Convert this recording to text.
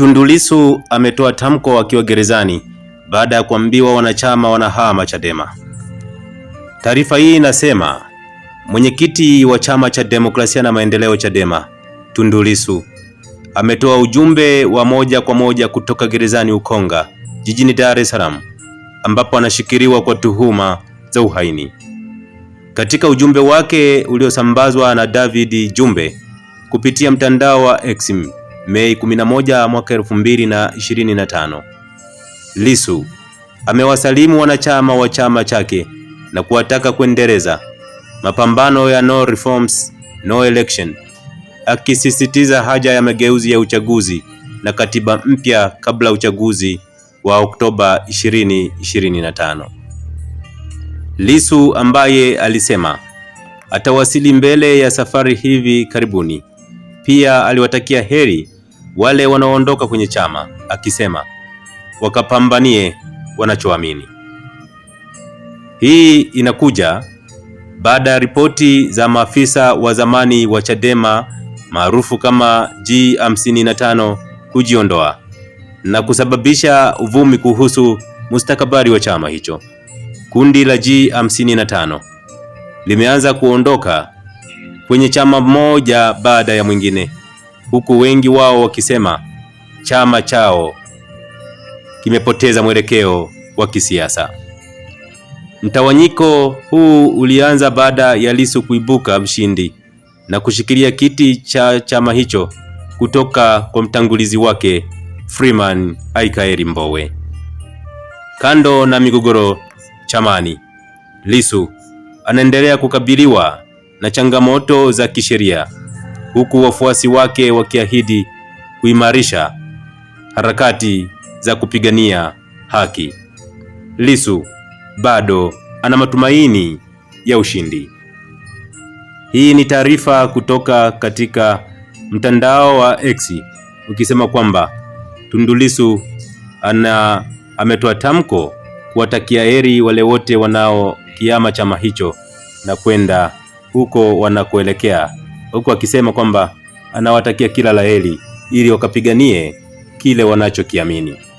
Tundu Lissu ametoa tamko akiwa gerezani baada ya kuambiwa wanachama wanahama Chadema. Taarifa hii inasema mwenyekiti wa chama cha demokrasia na maendeleo Chadema, Tundu Lissu ametoa ujumbe wa moja kwa moja kutoka gerezani Ukonga jijini Dar es Salaam ambapo anashikiliwa kwa tuhuma za uhaini. Katika ujumbe wake uliosambazwa na David Jumbe kupitia mtandao wa X Mei 11 mwaka 2025. Lissu amewasalimu wanachama wa chama chake na kuwataka kuendeleza mapambano ya no reforms no election, akisisitiza haja ya mageuzi ya uchaguzi na katiba mpya kabla uchaguzi wa Oktoba 2025. Lissu ambaye alisema atawasili mbele ya safari hivi karibuni, pia aliwatakia heri wale wanaoondoka kwenye chama, akisema wakapambanie wanachoamini. Hii inakuja baada ya ripoti za maafisa wa zamani wa Chadema maarufu kama G55 kujiondoa na kusababisha uvumi kuhusu mustakabali wa chama hicho. Kundi la G55 limeanza kuondoka kwenye chama moja baada ya mwingine huku wengi wao wakisema chama chao kimepoteza mwelekeo wa kisiasa. Mtawanyiko huu ulianza baada ya Lissu kuibuka mshindi na kushikilia kiti cha chama hicho kutoka kwa mtangulizi wake Freeman Aikaeli Mbowe. Kando na migogoro chamani, Lissu anaendelea kukabiliwa na changamoto za kisheria huku wafuasi wake wakiahidi kuimarisha harakati za kupigania haki. lisu bado ana matumaini ya ushindi. Hii ni taarifa kutoka katika mtandao wa X ukisema kwamba Tundu ana ametoa tamko kuwatakia heri wale wote wanaokiama chama hicho na kwenda huko wanakoelekea huku akisema kwamba anawatakia kila laheri ili wakapiganie kile wanachokiamini.